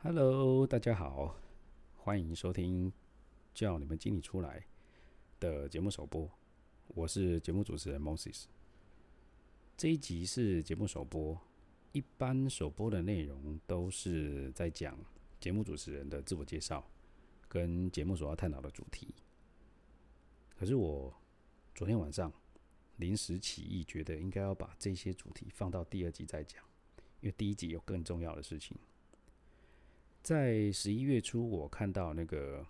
Hello，大家好，歡迎收聽叫你們經理出來的節目首播。我是節目主持人 Moses。這一集是節目首播，一般首播的內容都是在講節目主持人的自我介紹跟節目所要探討的主題。可是我昨天晚上臨時起意，覺得應該要把這些主題放到第二集再講，因為第一集有更重要的事情。在十一月初，我看到那個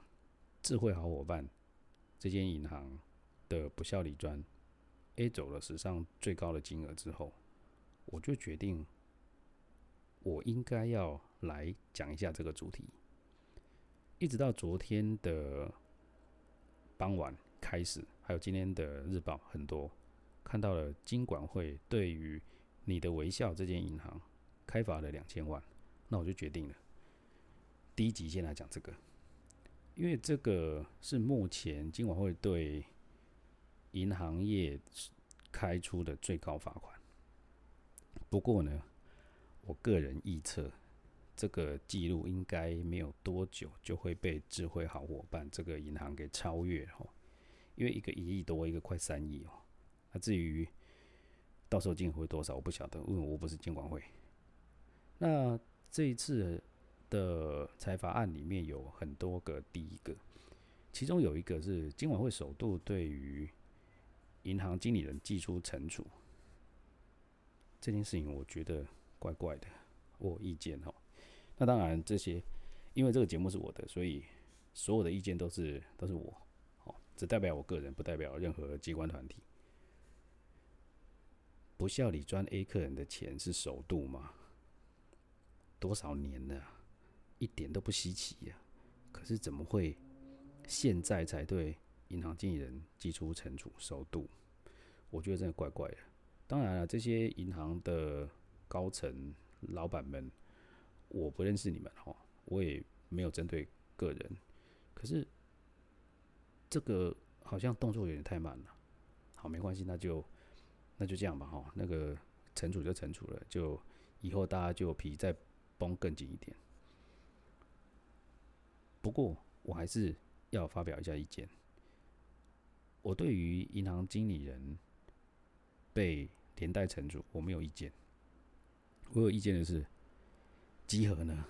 智慧好夥伴這間銀行的不肖理專 A 走了史上最高的金額之後，我就決定我應該要來講一下這個主題。一直到昨天的傍晚開始，還有今天的日報很多，看到了金管會對於你的微笑這間銀行開罰了兩千萬，那我就決定了。第一集先來講，這個，因為這個是目前金管會對銀行業開出的最高罰款。不過呢，我個人預測，這個記錄應該沒有多久就會被智慧好夥伴這個銀行給超越哦。因為一個一億多，一個快三億哦。那至於到時候金額會多少，我不曉得，因為我不是金管會。那這一次。的裁罰案裡面有很多個，第一個，其中有一個是金管會首度對於銀行經理人祭出懲處這件事情，我覺得怪怪的，我有意見哈。那當然這些，因為這個節目是我的，所以所有的意見都是都是我，哦，只代表我個人，不代表任何機關團體。不肖理專 A 客人的錢是首度嗎？多少年了？一點都不稀奇呀、啊，可是怎麼會現在才對銀行經理人寄出懲處、收度？我覺得真的怪怪的。當然了、啊，這些銀行的高層老板們，我不認識你們哈，我也沒有針對個人。可是這個好像動作有點太慢了。好，沒關係，那就那就這樣吧哈。那個懲處就懲處了，就以後大家就皮再繃更緊一點。不過，我還是要發表一下意見。我對於銀行經理人被連帶懲處，我沒有意見。我有意見的是，稽核呢？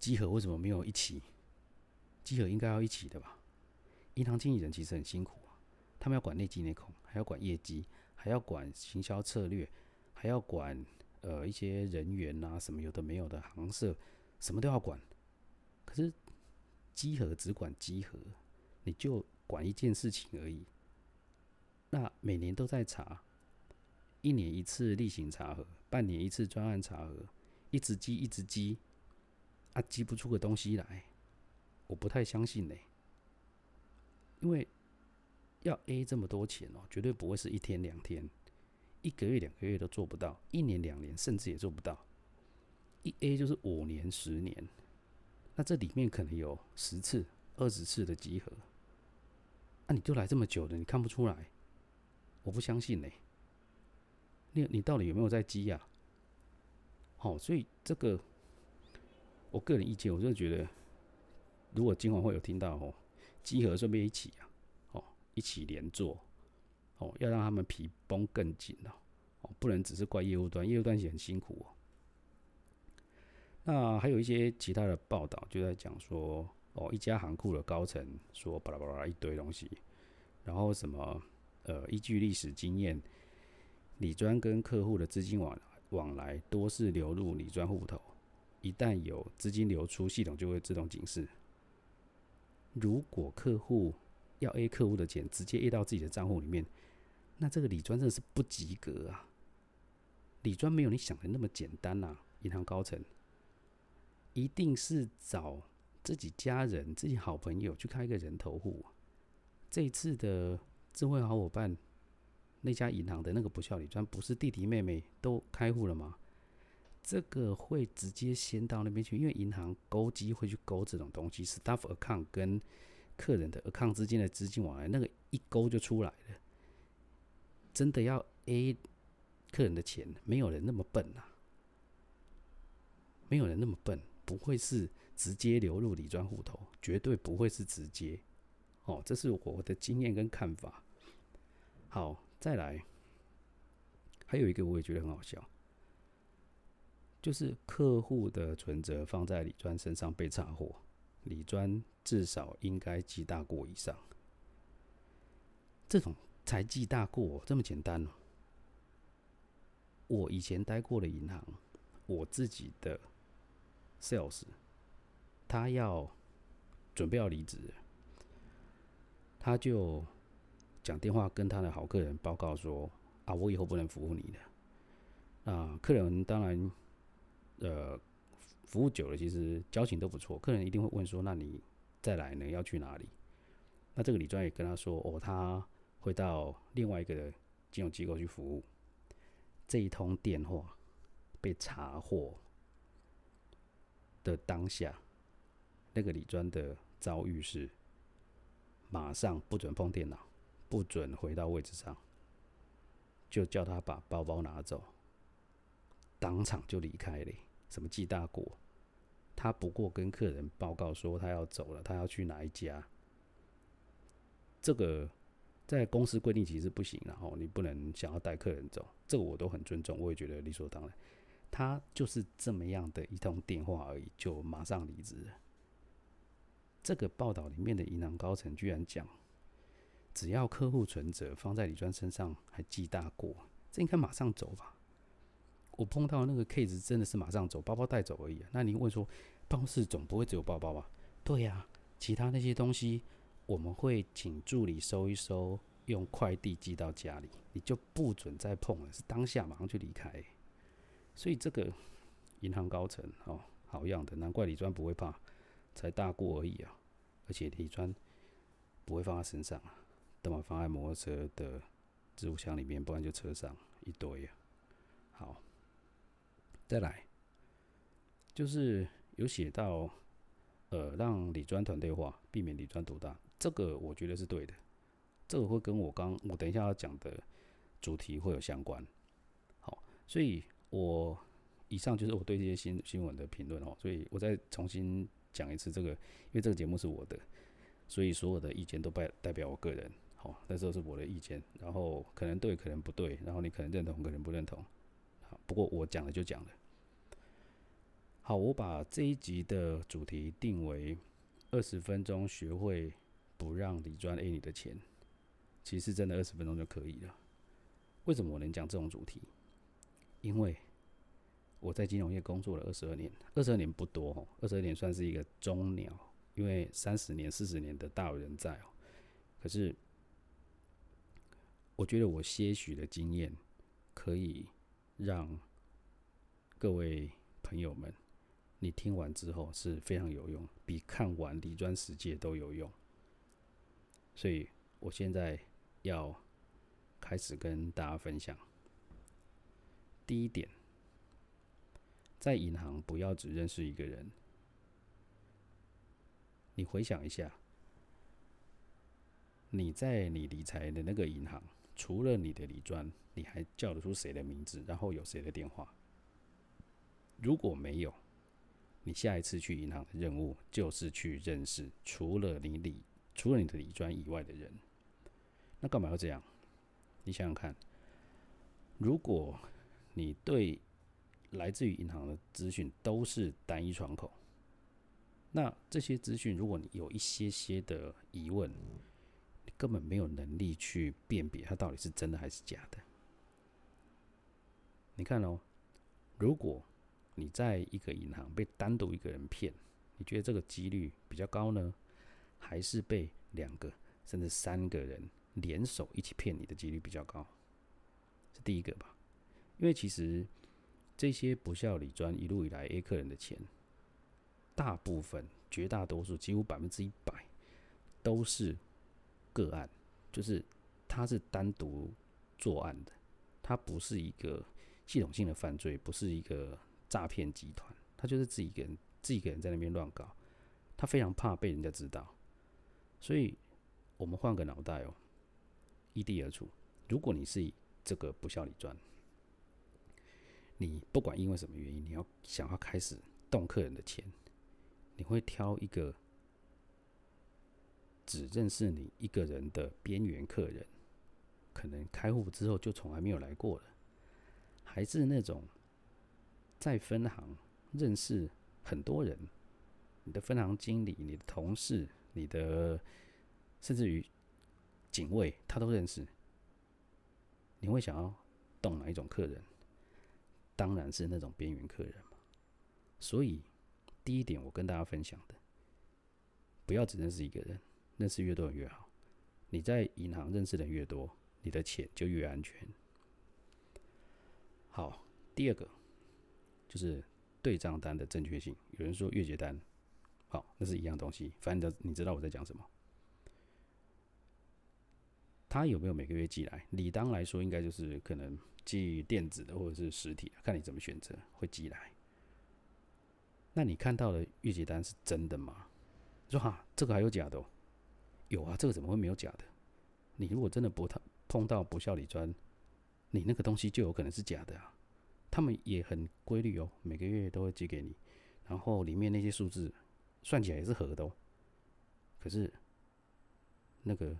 稽核為什麼沒有一起？稽核應該要一起的吧？銀行經理人其實很辛苦，他們要管內稽內控，還要管業績，還要管行銷策略，還要管呃一些人員吶、啊，什麼有的沒有的行社，什麼都要管。可是。稽核只管稽核，你就管一件事情而已。那每年都在查，一年一次例行查核，半年一次專案查核，一直稽一直稽，啊稽不出個東西來，我不太相信呢、欸。因為要 A 這麼多錢哦，絕對不會是一天兩天，一個月兩個月都做不到，一年兩年甚至也做不到，一 A 就是五年十年。那這裡面可能有十次、二十次的稽核，那、啊、你就來這麼久了，你看不出來？我不相信呢、欸。你你到底有沒有在稽呀、啊？哦，所以這個我個人意見，我就覺得，如果金管會有聽到哦，稽核順便一起啊，哦，一起連坐哦，要讓他們皮繃更緊了，哦，不能只是怪業務端，業務端也很辛苦哦。那、啊、還有一些其他的報道，就在講說哦，一家行庫的高層說，巴拉巴拉一堆東西，然後什麼呃，依據歷史經驗，理專跟客戶的資金往來往來多是流入理專戶頭，一旦有資金流出，系統就會自動警示。如果客戶要 A 客戶的錢直接 A 到自己的賬戶裡面，那這個理專真的是不及格啊！理專沒有你想的那麼簡單吶、啊，銀行高層。一定是找自己家人、自己好朋友去開一個人頭戶、啊。這一次的智慧好伙伴，那家銀行的那個不孝理專不是弟弟妹妹都開戶了嗎？這個會直接先到那邊去，因為銀行勾機會去勾這種東西，staff account 跟客人的 account 之間的資金往來，那個一勾就出來了。真的要 A 客人的錢，沒有人那麼笨吶、啊，沒有人那麼笨。不會是直接流入理專戶頭，絕對不會是直接，哦，這是我的經驗跟看法。好，再來，還有一個我也覺得很好笑，就是客戶的存折放在理專身上被查獲，理專至少應該記大過以上。這種才記大過，這麼簡單哦？我以前待過的銀行，我自己的。Sales，他要準備要離職，他就講電話跟他的好客人報告說：“啊，我以後不能服務你了。”啊，客人當然，呃，服務久了其實交情都不錯，客人一定會問說：“那你再來呢？要去哪裡？”那這個理專也跟他說：“哦，他會到另外一個金融機構去服務。”這一通電話被查獲。的當下，那個理專的遭遇是：馬上不准碰電腦，不准回到位置上，就叫他把包包拿走，當場就離開了。什麼記大過，他不過跟客人報告說他要走了，他要去哪一家。這個在公司規定其實不行，然後你不能想要帶客人走，這個我都很尊重，我也覺得理所當然。他就是這麼樣的一通電話而已，就馬上離職了。這個報道裡面的銀行高層居然講，只要客戶存摺放在理專身上還記大過，這應該馬上走吧？我碰到那個 case 真的是馬上走，包包帶走而已、啊。那你問說，辦公室總不會只有包包吧？對呀、啊，其他那些東西我們會請助理收一收，用快遞寄到家裡，你就不准再碰了，是當下馬上就離開、欸。所以這個銀行高層哦，好樣的，難怪理專不會怕，才大過而已啊。而且理專不會放在身上啊，都把放在摩托車的置物箱裡面，不然就車上一堆啊。好，再來，就是有寫到，呃，讓理專團隊化，避免理專獨大，這個我覺得是對的。這個會跟我剛我等一下要講的主題會有相關。好，所以。我以上就是我對這些新新聞的評論哦，所以我再重新講一次這個，因為這個節目是我的，所以所有的意見都代代表我個人，好，那時候是我的意見，然後可能對，可能不對，然後你可能認同，可能不認同，好，不過我講了就講了。好，我把這一集的主題定為二十分鐘學會不讓理專 A 你的錢，其實真的二十分鐘就可以了，為什麼我能講這種主題？因為我在金融業工作了二十二年，二十二年不多哦，二十二年算是一個中鳥，因為三十年、四十年的大有人在哦。可是，我覺得我些許的經驗可以讓各位朋友們，你聽完之後是非常有用，比看完《理專世界》都有用。所以，我現在要開始跟大家分享。第一點，在銀行不要只認識一個人。你回想一下，你在你理財的那個銀行，除了你的理專，你還叫得出誰的名字，然後有誰的電話？如果沒有，你下一次去銀行的任務就是去認識除了你理除了你的理專以外的人。那幹嘛要這樣？你想想看，如果……你對來自於銀行的資訊都是單一窗口，那這些資訊如果你有一些些的疑問，你根本沒有能力去辨別它到底是真的還是假的。你看哦，如果你在一個銀行被單獨一個人騙，你覺得這個幾率比較高呢，還是被兩個甚至三個人聯手一起騙你的幾率比較高？是第一個吧。因為其實這些不肖理專一路以來 A 客人的錢，大部分、絕大多數、幾乎百分之一百，都是個案，就是他是單獨作案的，他不是一個系統性的犯罪，不是一個詐騙集團，他就是自己一個人自己一個人在那邊亂搞，他非常怕被人家知道，所以我們換個腦袋哦、喔，易地而處，如果你是這個不肖理專。你不管因為什麼原因，你要想要開始動客人的錢，你會挑一個只認識你一個人的邊緣客人，可能開戶之後就從來沒有來過了，還是那種在分行認識很多人，你的分行經理、你的同事、你的甚至於警衛他都認識，你會想要動哪一種客人？當然是那種邊緣客人嘛，所以第一點我跟大家分享的，不要只認識一個人，認識越多人越好。你在銀行認識的人越多，你的錢就越安全。好，第二個就是對賬單的正確性。有人說月結單，好，那是一樣東西，反正你知道我在講什麼。他有沒有每個月寄來？理當來說，應該就是可能寄電子的，或者是實體，看你怎麼選擇會寄來。那你看到的月結單是真的嗎？說哈、啊，這個還有假的哦、喔？有啊，這個怎麼會沒有假的？你如果真的不碰碰到不肖理專，你那個東西就有可能是假的啊。他們也很規律哦、喔，每個月都會寄給你，然後裡面那些數字算起來也是合的哦、喔。可是那個。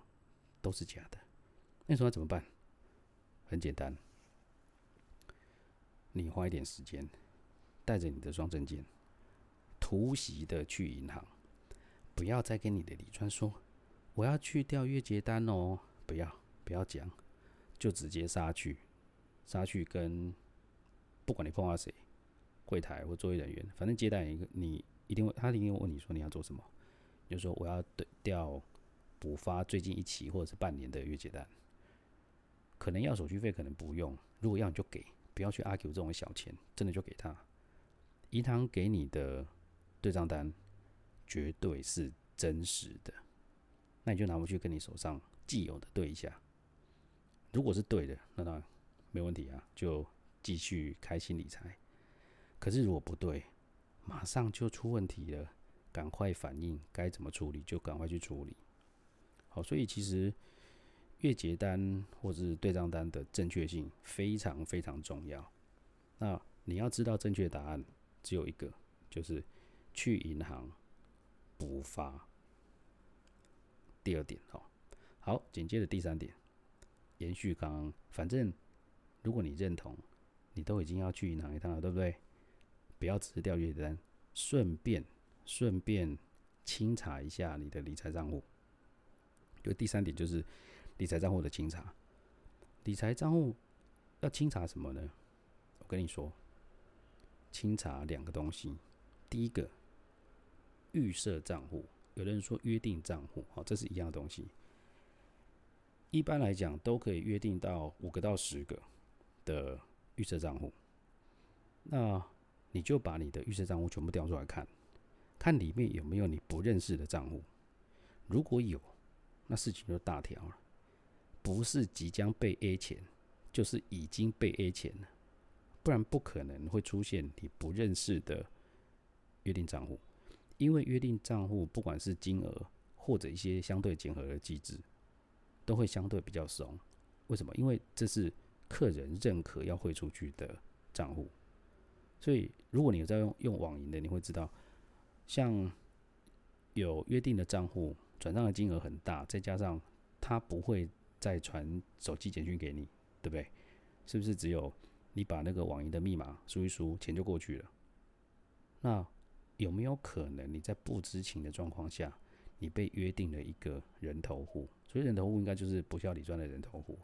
都是假的，那時候怎麼辦？很簡單，你花一點時間，帶着你的雙證件，突襲的去銀行，不要再跟你的理專說我要去調月結單哦，不要不要講，就直接殺去，殺去跟，不管你碰到誰，櫃台或作業人員，反正接待一個你一定會，他一定會問你說你要做什麼，就說我要調。補發最近一期或者是半年的月結單，可能要手續費，可能不用。如果要，你就給，不要去 argue 這種小錢，真的就給他。銀行給你的對賬單絕對是真實的，那你就拿回去跟你手上既有的對一下。如果是對的，那當然沒問題啊，就繼續開心理財。可是如果不對，馬上就出問題了，趕快反應，該怎麼處理就趕快去處理。所以其實月結單或者是對賬單的正確性非常非常重要。那你要知道正確答案只有一個，就是去銀行補發。第二點哦，好，緊接着第三點，延續剛剛，反正如果你認同，你都已經要去銀行一趟了，對不對？不要只是調月結單，順便順便清查一下你的理財賬戶。就第三點就是理財賬戶的清查。理財賬戶要清查什麼呢？我跟你說，清查兩個東西。第一個，預設賬戶，有的人說約定賬戶，好，這是一樣的東西。一般來講，都可以約定到五個到十個的預設賬戶。那你就把你的預設賬戶全部調出來看，看裡面有沒有你不認識的賬戶。如果有，那事情就大條了，不是即將被 A 錢，就是已經被 A 錢了，不然不可能會出現你不認識的約定賬戶，因為約定賬戶不管是金額或者一些相對結合的機制，都會相對比較鬆。為什麼？因為這是客人認可要匯出去的賬戶，所以如果你在用用網銀的，你會知道，像有約定的賬戶。轉賬的金額很大，再加上他不會再傳手機簡訊給你，對不對？是不是只有你把那個網銀的密碼輸一輸，錢就過去了？那有沒有可能你在不知情的狀況下，你被約定了一個人頭戶？所以人頭戶應該就是不肖理專的人頭戶。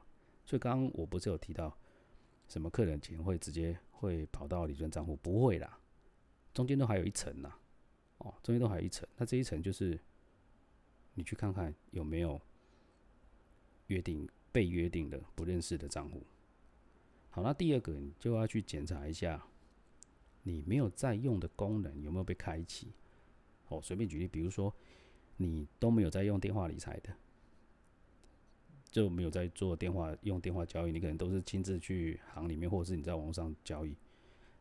所以剛剛我不是有提到什麼客人錢會直接會跑到理專帳戶？不會啦，中間都還有一層啦。哦，中間都還有一層，那這一層就是。你去看看有沒有約定、被約定的、不認識的賬戶。好，那第二個你就要去檢查一下，你沒有在用的功能有沒有被開啟。哦，隨便舉例，比如說你都沒有在用電話理財的，就沒有在做電話用電話交易，你可能都是親自去行裡面，或者是你在網上交易。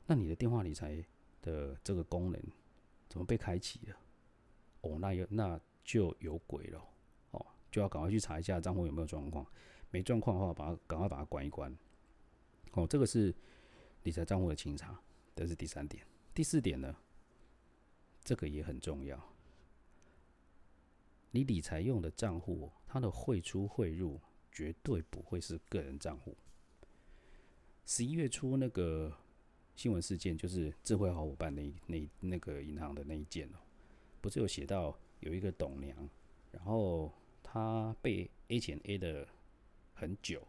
那你的電話理財的這個功能怎麼被開啟的？哦，oh，那有那，就有鬼了，哦，就要趕快去查一下賬戶有沒有狀況，沒狀況的話，把它趕快把它關一關。哦，這個是理財賬戶的清查，這是第三點。第四點呢，這個也很重要。你理財用的賬戶，它的匯出匯入絕對不會是個人賬戶。十一月初那個新聞事件，就是智慧好夥伴那那那個銀行的那一件哦，不是有寫到。有一個董娘，然後她被 A 錢 A 的很久，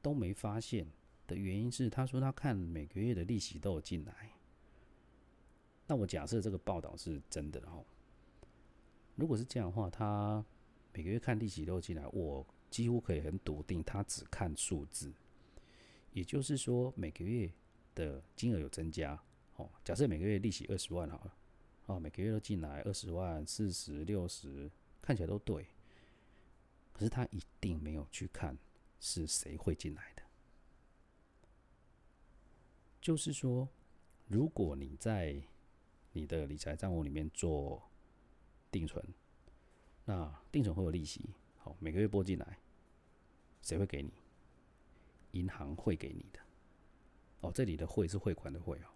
都沒發現的原因是，她說她看每個月的利息都有進來。那我假設這個報道是真的，然後如果是這樣的話，她每個月看利息都進來，我幾乎可以很篤定，她只看數字，也就是說每個月的金額有增加。哦，假設每個月利息二十萬好了。哦，每個月都進來二十萬、四十、六十，看起來都對。可是他一定沒有去看是誰匯進來的。就是說，如果你在你的理財賬戶裡面做定存，那定存會有利息，好，每個月撥進來，誰會給你？銀行會給你的。哦，這裡的“匯”是匯款的“匯”哦，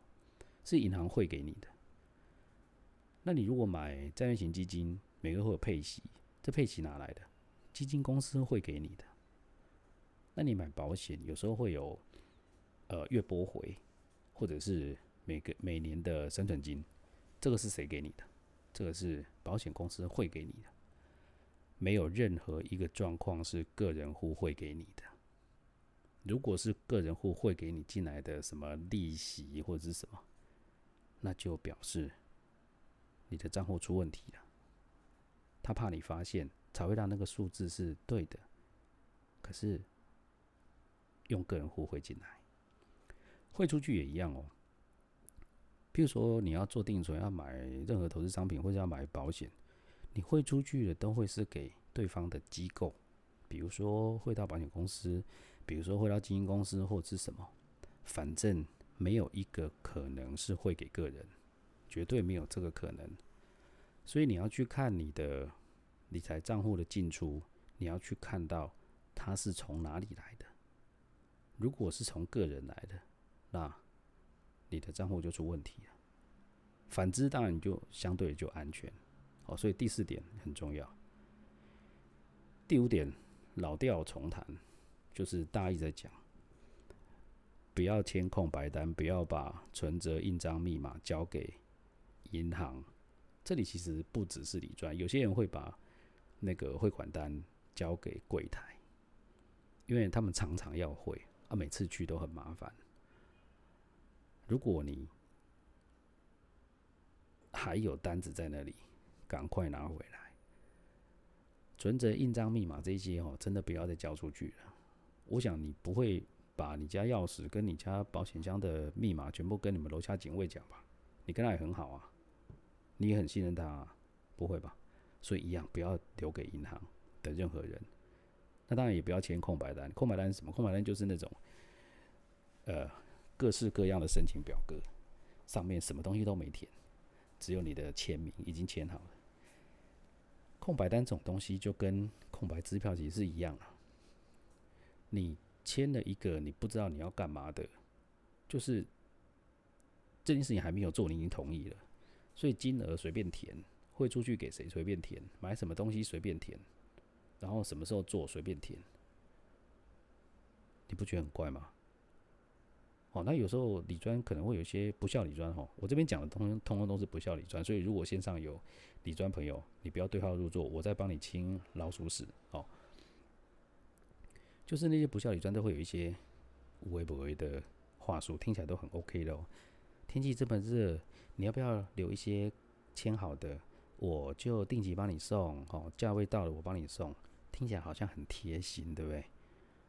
是銀行匯給你的。那你如果買債券型基金，每個月會有配息，這配息哪來的？基金公司會給你的。那你買保險，有時候會有呃月撥回，或者是每個每年的生存金，這個是誰給你的？這個是保險公司會給你的。沒有任何一個狀況是個人戶會給你的。如果是個人戶會給你進來的什麼利息或者是什麼，那就表示，你的賬戶出問題了，他怕你發現，才會讓那個數字是對的。可是用個人戶匯進來，匯出去也一樣哦。譬如說你要做定存，要買任何投資商品，或者要買保險，你匯出去的都會是給對方的機構，比如說匯到保險公司，比如說匯到基金公司，或是什麼，反正沒有一個可能是匯給個人。絕對沒有這個可能，所以你要去看你的理財賬戶的進出，你要去看到它是從哪裡來的。如果是從個人來的，那你的賬戶就出問題了。反之，當然就相對就安全。哦，所以第四點很重要。第五點，老調重彈，就是大意在講，不要填空白單，不要把存摺、印章、密碼交給。銀行這裡其實不只是理專，有些人會把那個匯款單交給櫃檯，因為他們常常要匯啊，每次去都很麻煩。如果你還有單子在那裡，趕快拿回來。存折、印章、密碼這些哦，真的不要再交出去了。我想你不會把你家鑰匙跟你家保險箱的密碼全部跟你們樓下警衛講吧？你跟他也很好啊。你也很信任他，不會吧？所以一樣不要留給銀行的任何人。那當然也不要簽空白單。空白單是什麼？空白單就是那種，呃，各式各樣的申請表格，上面什麼東西都沒填，只有你的簽名已經簽好了。空白單這種東西就跟空白支票其實是一樣了啊。你簽了一個你不知道你要幹嘛的，就是這件事情還沒有做，你已經同意了。所以金額隨便填，匯出去給誰隨便填，買什麼東西隨便填，然後什麼時候做隨便填，你不覺得很怪嗎？哦，那有時候理專可能會有一些不肖理專哈，我這邊講的通通通通都是不肖理專。所以如果線上有理專朋友，你不要對號入座，我在幫你清老鼠屎哦。就是那些不肖理專都會有一些無微不微的話術，聽起來都很 OK 的哦。天氣這麼熱。你要不要留一些簽好的？我就定期幫你送，吼、哦，價位到了我幫你送。聽起來好像很貼心，對不對？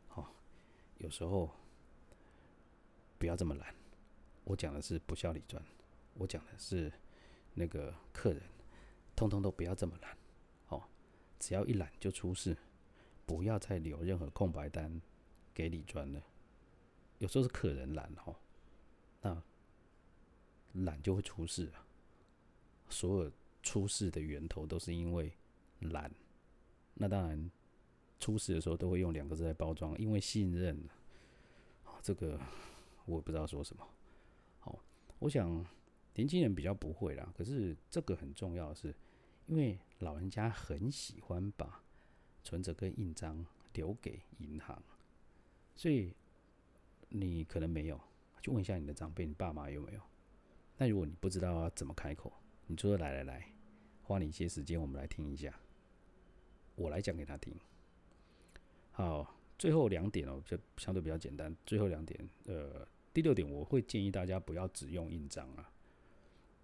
好、哦，有時候不要這麼懶。我講的是不肖理專，我講的是那個客人，通通都不要這麼懶。哦，只要一懶就出事，不要再留任何空白單給理專了。有時候是客人懶，哈、哦，那。懶就會出事了，所有出事的源頭都是因為懶。那當然，出事的時候都會用兩個字來包裝，因為信任。這個我也不知道說什麼。好，我想年輕人比較不會啦。可是這個很重要的是，因為老人家很喜歡把存折跟印章留給銀行，所以你可能沒有，就問一下你的長輩，你爸媽有沒有？那如果你不知道要怎麼開口，你就說來來來，花你一些時間，我們來聽一下，我來講給他聽。好，最後兩點哦，就相對比較簡單。最後兩點，呃，第六點我會建議大家不要只用印章啊，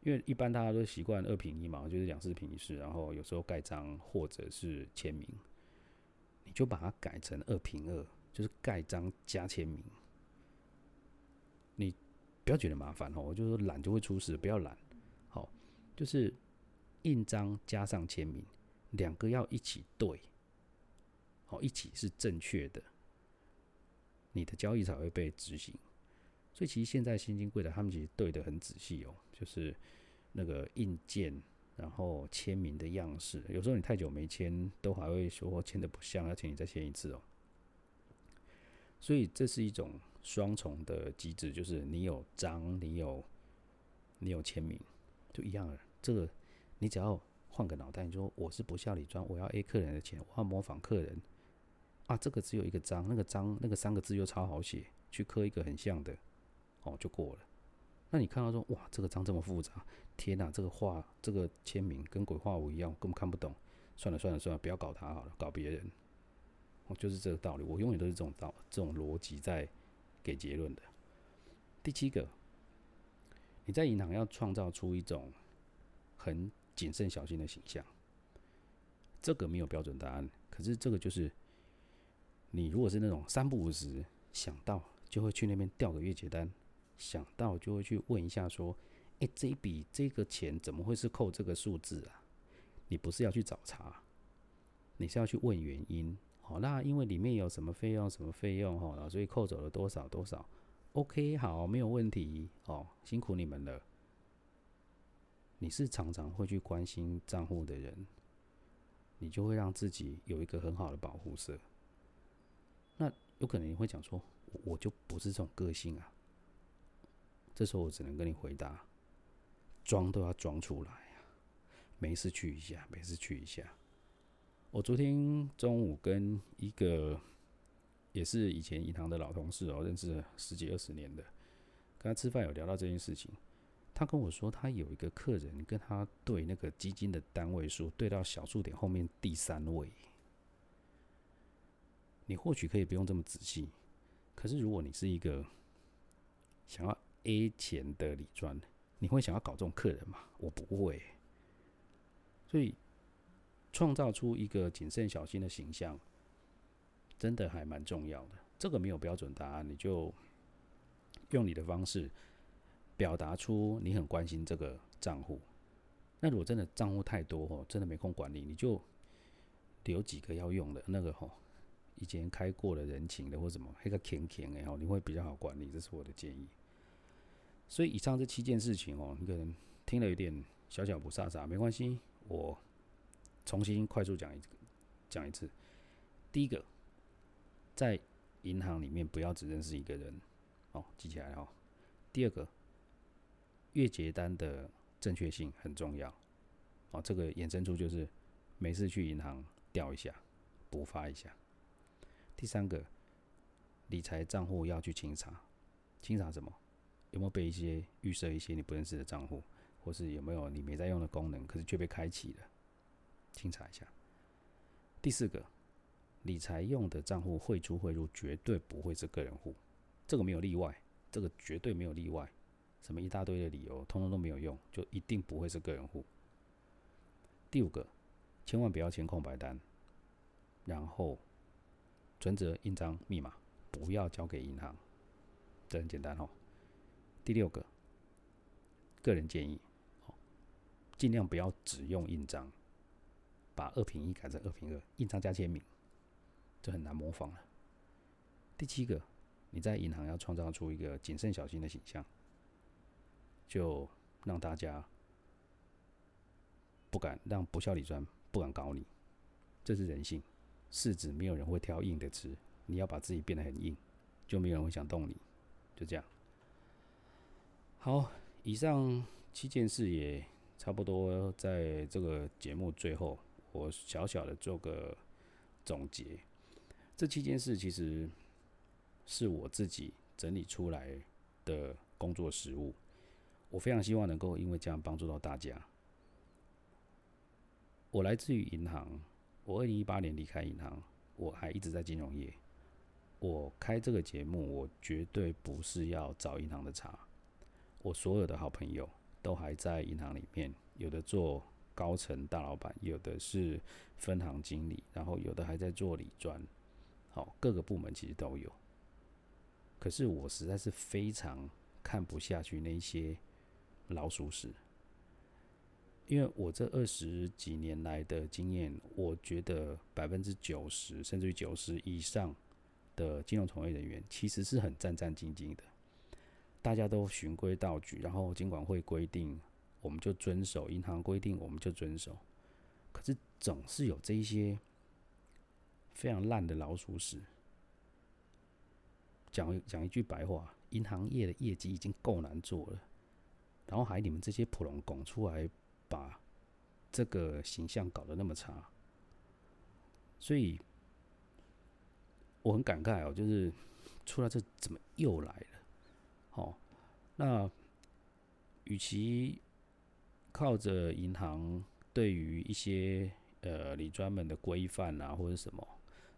因為一般大家都習慣二平一嘛，就是兩四平一式，然後有時候蓋章或者是簽名，你就把它改成二平二，就是蓋章加簽名。不要覺得麻煩哦，我就說懶就會出事，不要懶。好，就是印章加上簽名，兩個要一起對，好一起是正確的，你的交易才會被執行。所以其實現在現金櫃檯他們其實對得很仔細哦，就是那個印鑑，然後簽名的樣式，有時候你太久沒簽，都還會說簽的不像，要請你再簽一次哦。所以這是一種。雙重的機制，就是你有章，你有你有簽名，就一樣的。這個你只要換個腦袋，你說我是不肖理專，我要 A 客人的錢，我要模仿客人啊，這個只有一個章，那個章那個三個字又超好寫，去刻一個很像的，哦，就過了。那你看到說，哇這個章這麼複雜，天吶、啊，這個畫這個簽名跟鬼畫符一樣，根本看不懂。算了算了算了，不要搞他好了，搞別人。哦。就是這個道理，我永遠都是這種道這種邏輯在。給結論的第七個，你在銀行要創造出一種很謹慎小心的形象。這個沒有標準答案，可是這個就是，你如果是那種三不五時想到就會去那邊調個月結單，想到就會去問一下說，欸，這一筆這個錢怎麼會是扣這個數字啊？你不是要去找茬，你是要去問原因。好，那因為裡面有什麼費用，什麼費用哈，所以扣走了多少多少，OK，好，沒有問題，哦，辛苦你們了。你是常常會去關心賬戶的人，你就會讓自己有一個很好的保護色。那有可能你會講說，我就不是這種個性啊。這時候我只能跟你回答，裝都要裝出來啊，沒事去一下，沒事去一下。我昨天中午跟一個也是以前銀行的老同事哦，認識十幾二十年的，跟他吃飯有聊到這件事情。他跟我說，他有一個客人跟他對那個基金的單位數對到小數點後面第三位。你或許可以不用這麼仔細，可是如果你是一個想要 A 錢的理專，你會想要搞這種客人嗎？我不會，所以。創造出一個謹慎小心的形象，真的還蠻重要的。這個沒有標準答案，你就用你的方式表達出你很關心這個賬戶。那如果真的賬戶太多哦，真的沒空管理，你就留幾個要用的那個哦，以前開過的人情的或什麼，一、那個甜甜的哦，你會比較好管理。這是我的建議。所以以上這七件事情哦，你可能聽了有點小小霧煞煞，沒關係，我。重新快速講一講一次。第一個，在銀行裡面不要只認識一個人，哦，記起來了哦。第二個，月結單的正確性很重要，哦，這個衍生出就是沒事去銀行調一下，補發一下。第三個，理財賬戶要去清查，清查什麼？有沒有被一些預設一些你不認識的賬戶，或是有沒有你沒在用的功能，可是卻被開啟了？清查一下。第四個，理財用的賬戶匯出匯入絕對不會是個人戶，這個沒有例外，這個絕對沒有例外。什麼一大堆的理由，通通都沒有用，就一定不會是個人戶。第五個，千萬不要簽空白單。然後，存摺、印章、密碼不要交給銀行，這很簡單哦。第六個，個人建議，儘量不要只用印章。把二品一改成二品二，印章加簽名，這很難模仿了啊。第七個，你在銀行要創造出一個謹慎小心的形象，就讓大家不敢讓不肖理專不敢搞你。這是人性，柿子沒有人會挑硬的吃，你要把自己變得很硬，就沒有人會想動你。就這樣。好，以上七件事也差不多，在這個節目最後。我小小的做個總結，這七件事其實是我自己整理出來的工作實務。我非常希望能夠因為這樣幫助到大家。我來自於銀行，我二零一八年離開銀行，我還一直在金融業。我開這個節目，我絕對不是要找銀行的茬。我所有的好朋友都還在銀行裡面，有的做。高層大老板，有的是分行經理，然後有的還在做理專，好，各個部門其實都有。可是我實在是非常看不下去那些老鼠屎，因為我這二十幾年來的經驗，我覺得百分之九十甚至於九十以上的金融從業人員其實是很戰戰兢兢的，大家都循規蹈矩，然後監管會規定。我們就遵守銀行規定，我們就遵守。可是總是有這一些非常爛的老鼠屎。講講一,一句白話，銀行業的業績已經夠難做了，然後還你們這些普龍拱出來，把這個形象搞得那麼差。所以我很感慨哦，就是出來這怎麼又來了？好、哦，那與其。靠着銀行對於一些呃你專門的規範啊，或者什麼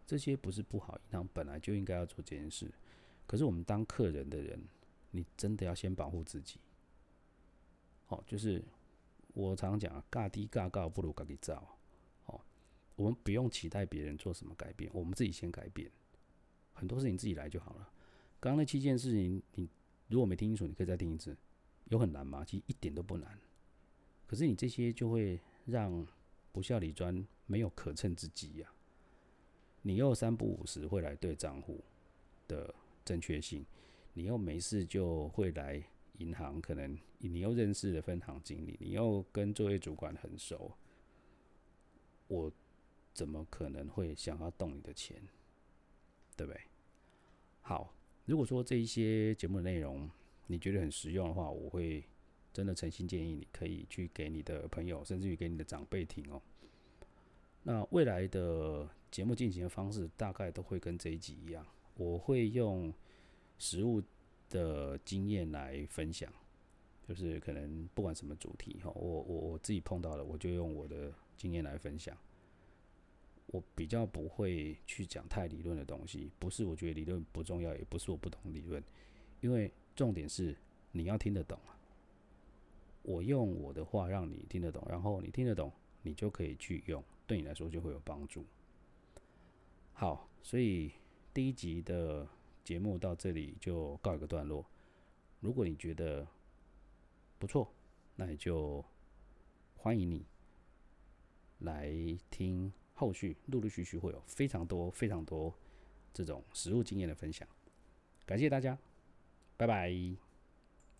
這些不是不好，銀行本來就應該要做這件事。可是我們當客人的人，你真的要先保護自己。哦，就是我常常講啊，嘎低嘎高不如嘎給造。好，我們不用期待別人做什麼改變，我們自己先改變。很多事情自己來就好了。剛剛那七件事情，你如果沒聽清楚，你可以再聽一次。有很難嗎？其實一點都不難。可是你這些就會讓不肖理專沒有可乘之機呀！你又三不五時會來對賬戶的正確性，你又沒事就會來銀行，可能你又認識的分行經理，你又跟作業主管很熟，我怎麼可能會想要動你的錢，對不對？好，如果說這一些節目的內容你覺得很實用的話，我會。真的誠心建議你，可以去給你的朋友，甚至於給你的長輩聽哦。那未來的節目進行的方式，大概都會跟這一集一樣，我會用實務的經驗來分享，就是可能不管什麼主題哈、哦，我我我自己碰到了，我就用我的經驗來分享。我比較不會去講太理論的東西，不是我覺得理論不重要，也不是我不懂理論，因為重點是你要聽得懂啊。我用我的話讓你聽得懂，然後你聽得懂，你就可以去用，對你來說就會有幫助。好，所以第一集的節目到這裡就告一個段落。如果你覺得不錯，那也就歡迎你來聽後續，陸陸續續會有非常多非常多這種實務經驗的分享。感謝大家，拜拜。